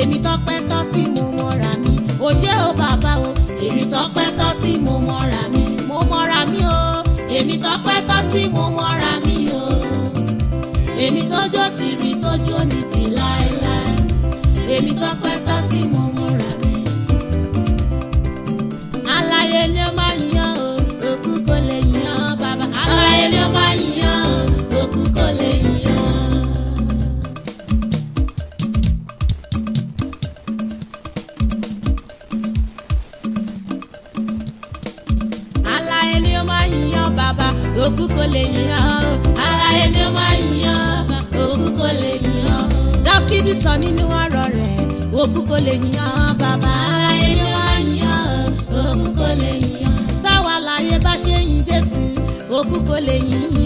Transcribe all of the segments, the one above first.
èmi tọ́pẹ́ tọ́ sí mo mọ́ra mi o ṣé o bàbá o èmi tọ́pẹ́ tọ́ sí mo mọ́ra mi mo mọ́ra mi o èmi tọ́pẹ́ tọ́ sí mo mọ́ra mi o èmi tójó ti rí tójó ní ti láéláé èmi tọ́pẹ́ tọ́ sí mo mọ́ra mi. aláyé ni o, máa yan o òkú kò lè yan bàbá aláyé ni ó máa yan. lè yàn ara ẹni ó máa yàn òkú kò lè yàn. dákìdí sọ nínú ọ̀rọ̀ rẹ̀ òkú kò lè yàn bàbá ara ẹni ó máa òkú kò lè yàn. sáwa láyé bá ṣe yìn Jésù òkú kò lè yìn.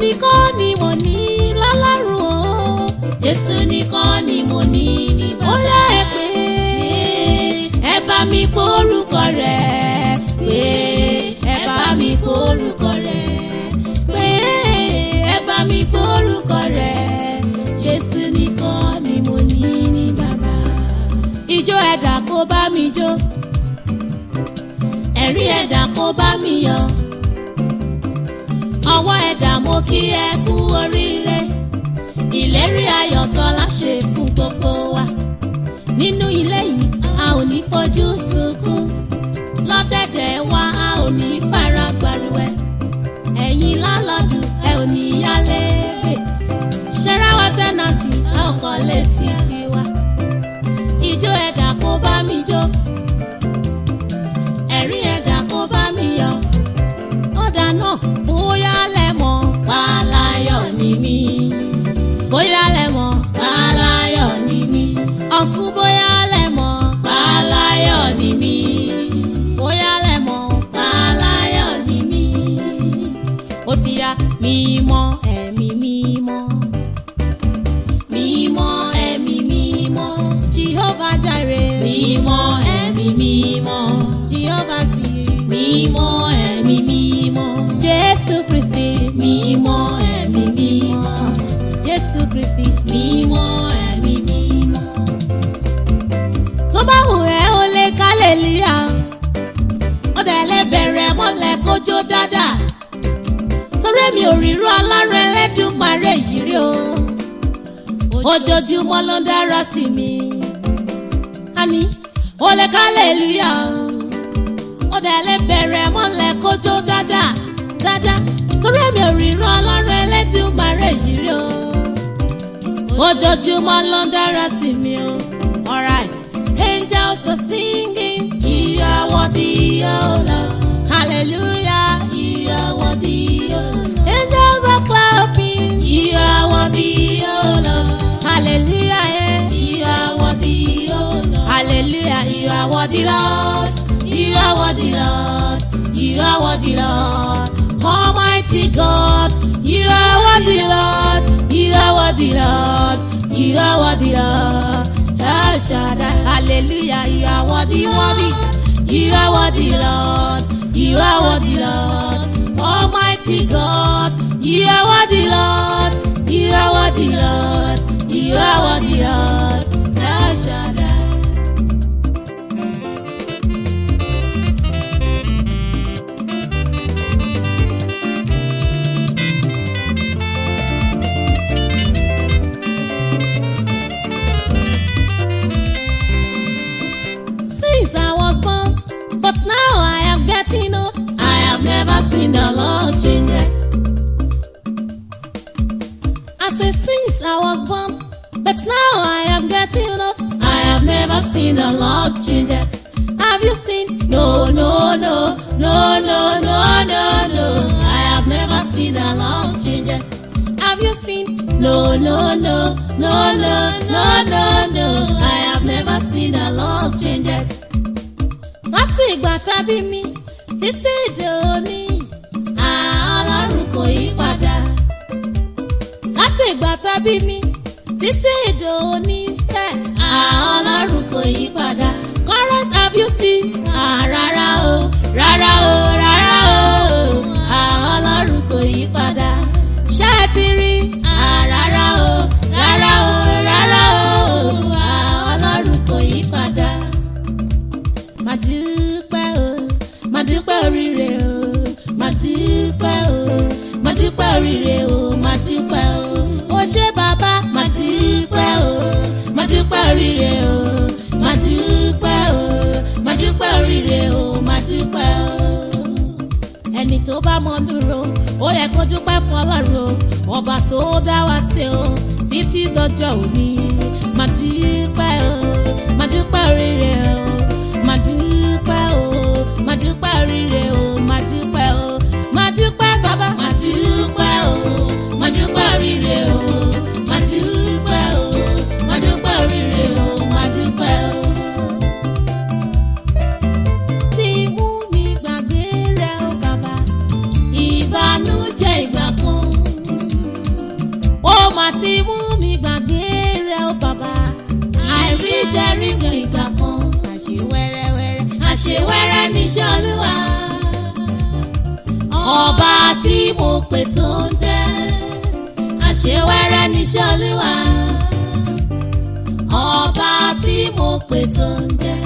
nìkan ni mo ní lọ́lọ́run o Jésù nìkan ni mo ní ní bàbá. ó ẹ pé ẹ bá mi pọ orúkọ rẹ̀ pé ẹ bá mi pọ orúkọ rẹ̀ pé ẹ bá mi pọ orúkọ rẹ̀ Jésù nìkan ni mo ní ní bàbá. ijó ẹ̀dá kó bá mi jó ẹ̀rí ẹ̀dá kó bá mi yọ ẹlẹ́dàá mo kí ẹ kú oríire ìlérí ayọ̀ tọ́lá ṣe fún gbogbo wa nínú ilé yìí a ò ní fojú sùn. aleluya ọ̀dà ẹlẹ́bẹ̀rẹ̀ mọ́lẹ̀ kójó dáadáa torí mi ò rírú yìí rí o ojoojúmọ́ ló ń dára sí mi ọ̀dà ẹlẹ́bẹ̀rẹ̀ mọ́lẹ̀ dáadáa dáadáa torí mi ò yìí rí o worthy, Lord. You are worthy, Lord. You are worthy, Lord. Almighty God, you are worthy, Lord. You are worthy, Lord. You are worthy, Lord. Hallelujah. You are worthy, worthy. You are worthy, Lord. You are worthy, Lord. Almighty God. You are worthy, Lord. You are worthy, Lord. You are worthy, Lord. as in the Lord changes. As a since I was born, but now I am getting old. I have never seen the Lord changes. Have you seen? No, no, no, no, no, no, no, I have never seen the Lord changes. Have you seen? No, no, no, no, no, no, no, I have never seen the Lord changes. Láti ìgbà tá a bí mi títí dòní kò yí padà. látìgbà tá bí mi títí èdè òní sẹ́. àwọn ọlọ́run kò yí padà. current abuses. rárá o rárá o rárá o. dúpẹ́ oríire o mà dúpẹ́ o ó ṣé bàbá mà dúpẹ́ o mà dúpẹ́ oríire o mà dúpẹ́ o mà dúpẹ́ oríire o mà dúpẹ́ o. ẹni tó bá mọ dúró ó yẹ kó dúpẹ́ fọlọ́run o ọba tó dá wa sí o títí dọjọ́ òní mà dúpẹ́ o mà dúpẹ́ oríire o mà dúpẹ́ o mà dúpẹ́ oríire o. oríire o má dúpẹ́ o má dúpẹ́ oríire o má dúpẹ́ mi gbàgbé o bàbá ìbànújẹ́ ìgbà kan ó mà mi gbàgbé o bàbá àìríjẹ ríjẹ ìgbà kan àṣewẹ́rẹ́wẹ́rẹ́ àṣewẹ́rẹ́ níṣẹ́ olúwa ọba tí mo pè tó ń ṣe wẹ́rẹ́ níṣẹ́ olúwa ọba tí mo pè tó ń jẹ́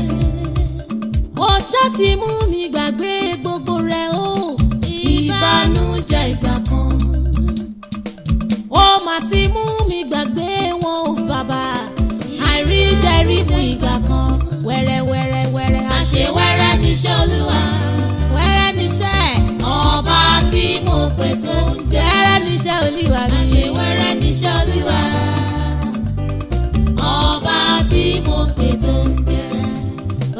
ó ṣáàtì mú mi gbàgbé gbogbo rẹ̀ o ìbànújẹ́ ìgbà kan ó mà ti mú mi gbàgbé wọn o bàbá àìríjẹrí fún ìgbà kan wẹ́rẹ́wẹ́rẹ́wẹ́rẹ́ àṣewẹ́rẹ́ níṣẹ́ olúwa. òpè tó ń jẹ. wẹ́rẹ́ níṣẹ́ olúwa mi. àṣẹ wẹ́rẹ́ níṣẹ́ olúwa. ọba tí mo pè tó ń jẹ.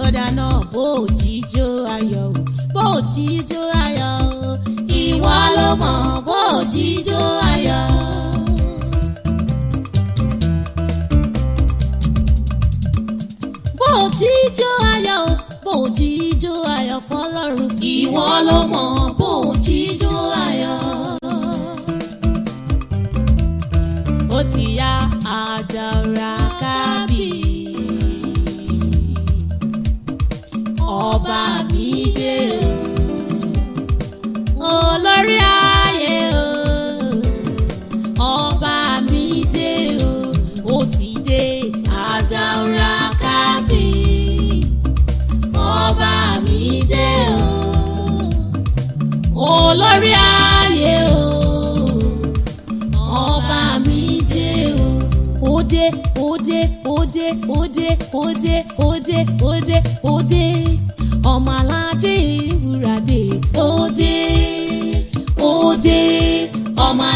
ó dáná bó o jíjó ayọ̀ o bó o jíjó ayọ̀ o. ìwọ ló mọ̀ bó jíjó ayọ̀ bó jíjó ayọ̀ ó jíjó ayọ̀ fọlọ́run. ìwọ ló mọ̀ bó ó jíjó ayọ̀. ó ti yá àjàrà kábì. ọba mi dé o. Ode, ode, ode, ode, ode, ode, ode, ode, ọmọ aládé ìwúradé ode, òde ọmọ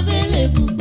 available.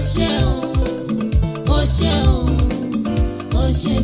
ṣe o o ṣe o o ṣe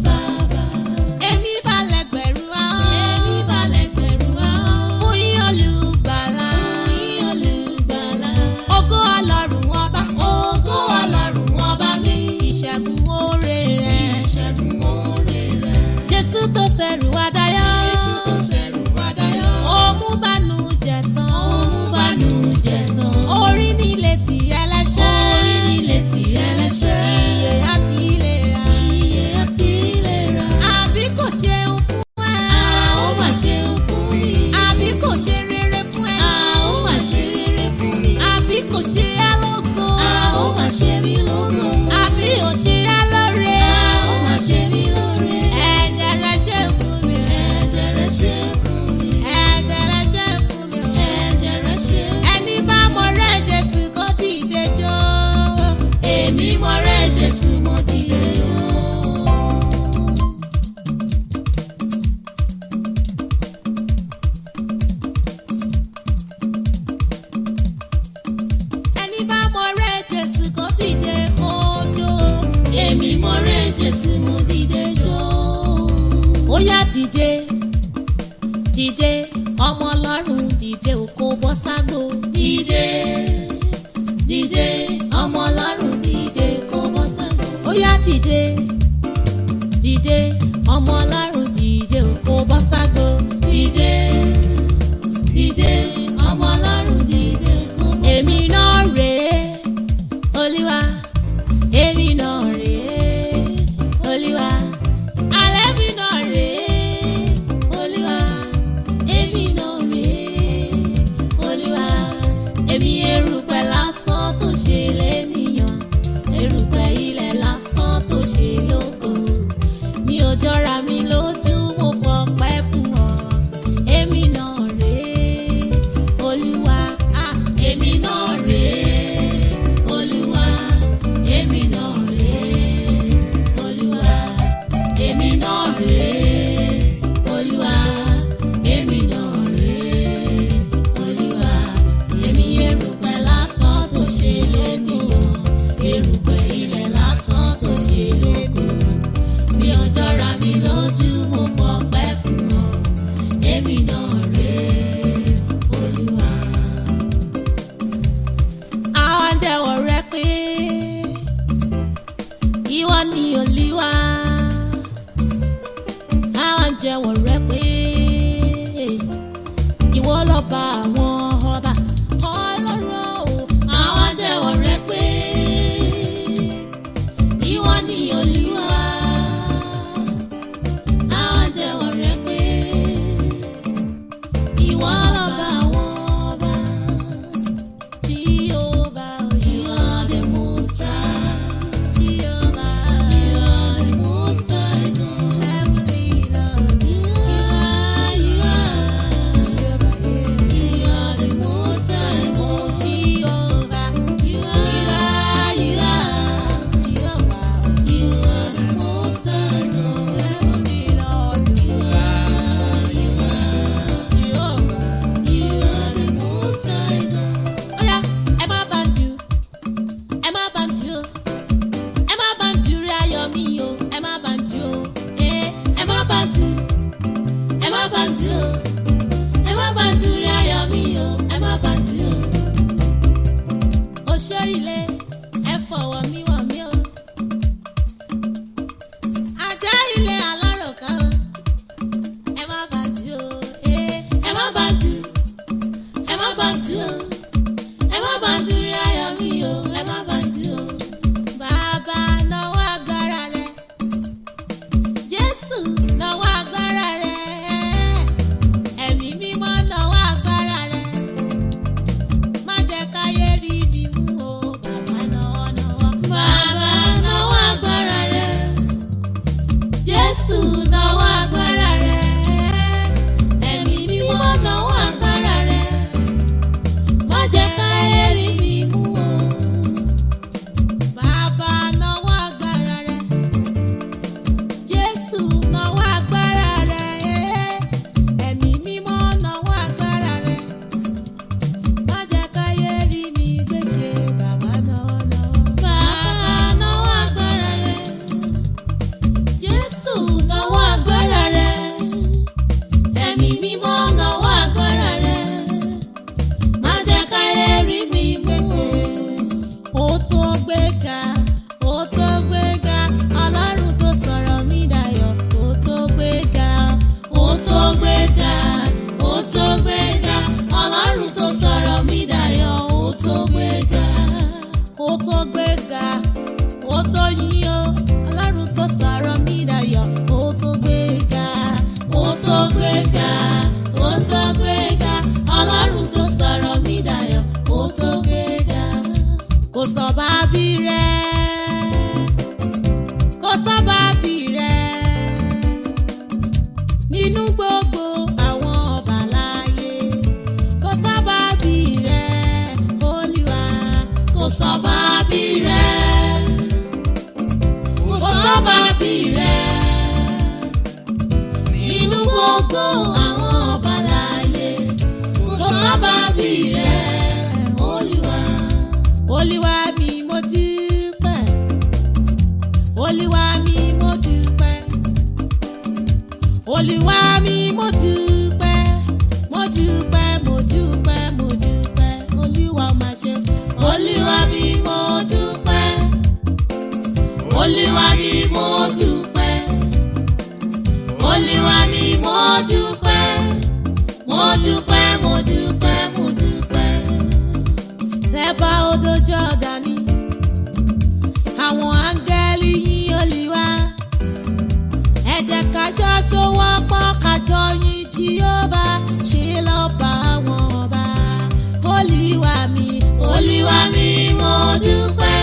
olúwa mi mo dúpẹ́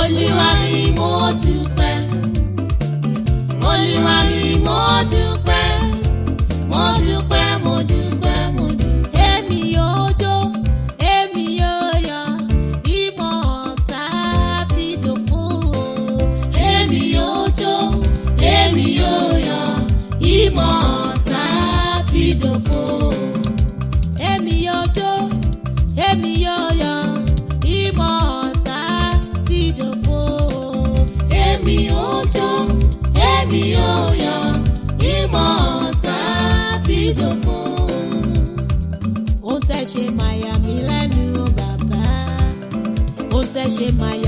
olúwa mi. mexer mais.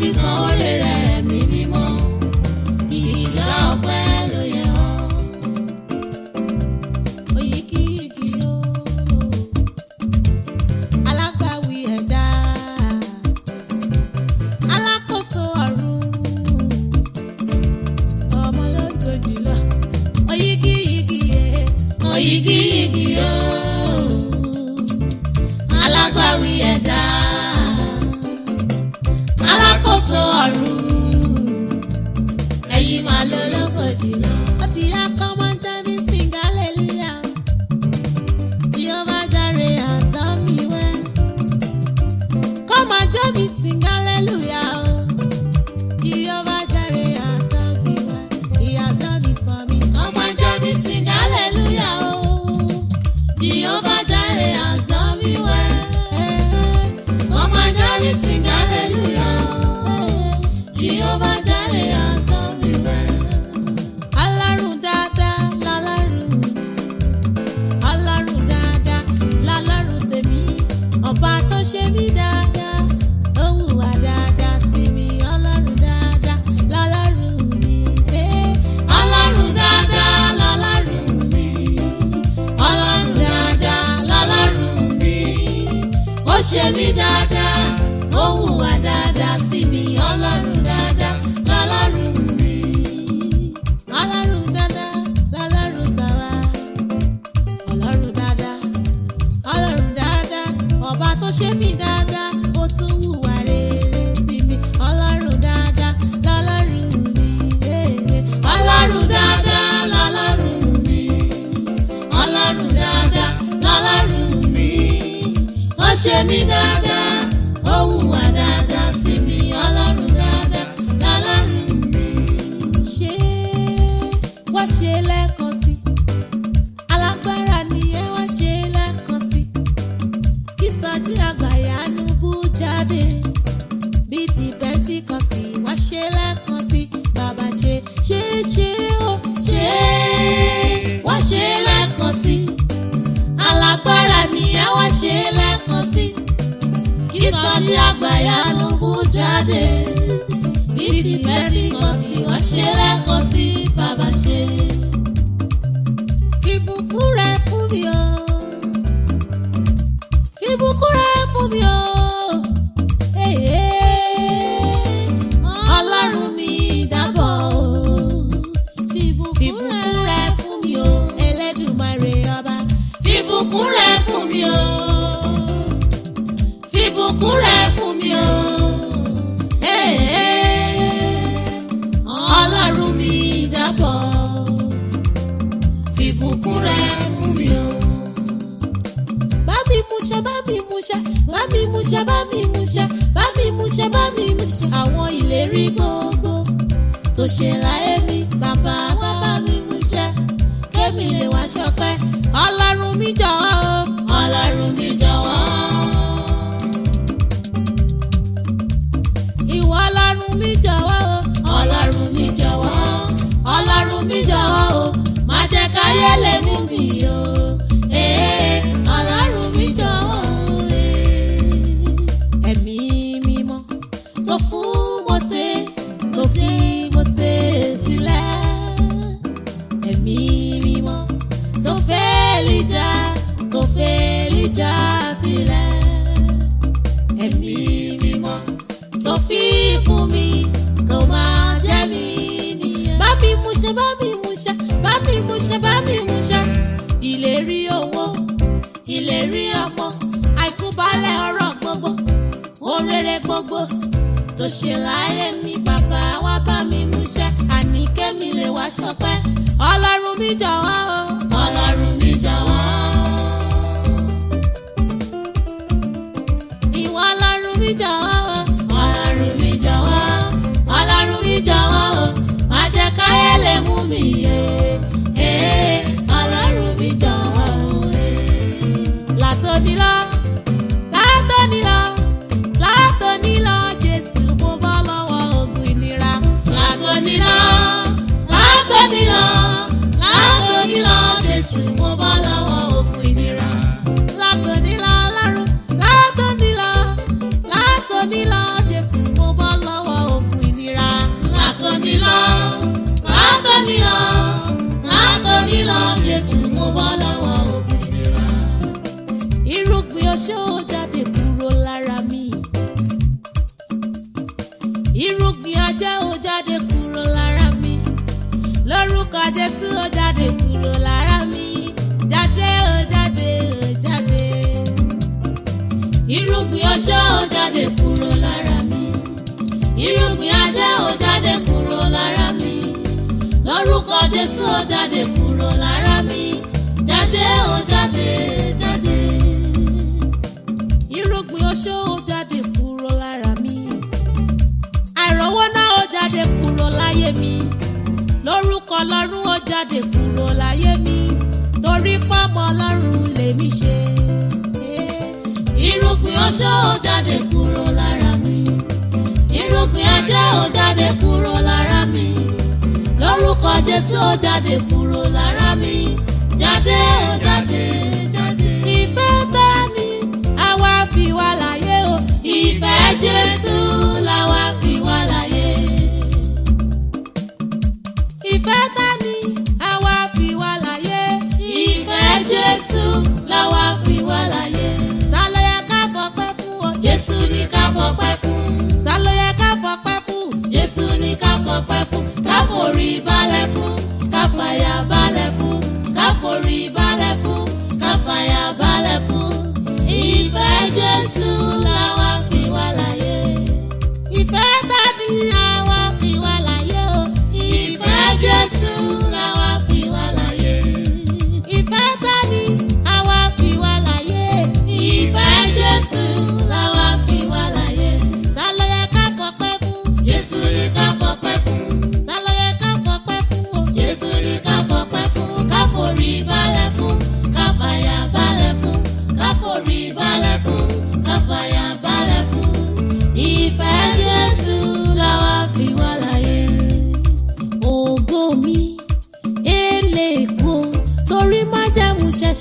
fi san ìbùkún rẹ 有来。dúpẹ́ fún ká forí balẹ̀ fún ká fàyà fún ká forí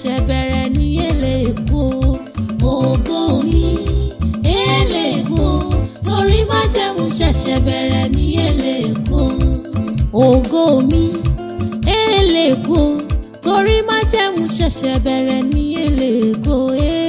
ṣẹ̀ṣẹ̀ bẹ̀rẹ̀ ní Èlèkó ògo mi Èlèkó torí májẹ̀mú ṣẹ̀ṣẹ̀ bẹ̀rẹ̀ ní Èlèkó ògo mi Èlèkó torí májẹ̀mú ṣẹ̀ṣẹ̀ bẹ̀rẹ̀ ní Èlèkó Èlèkó.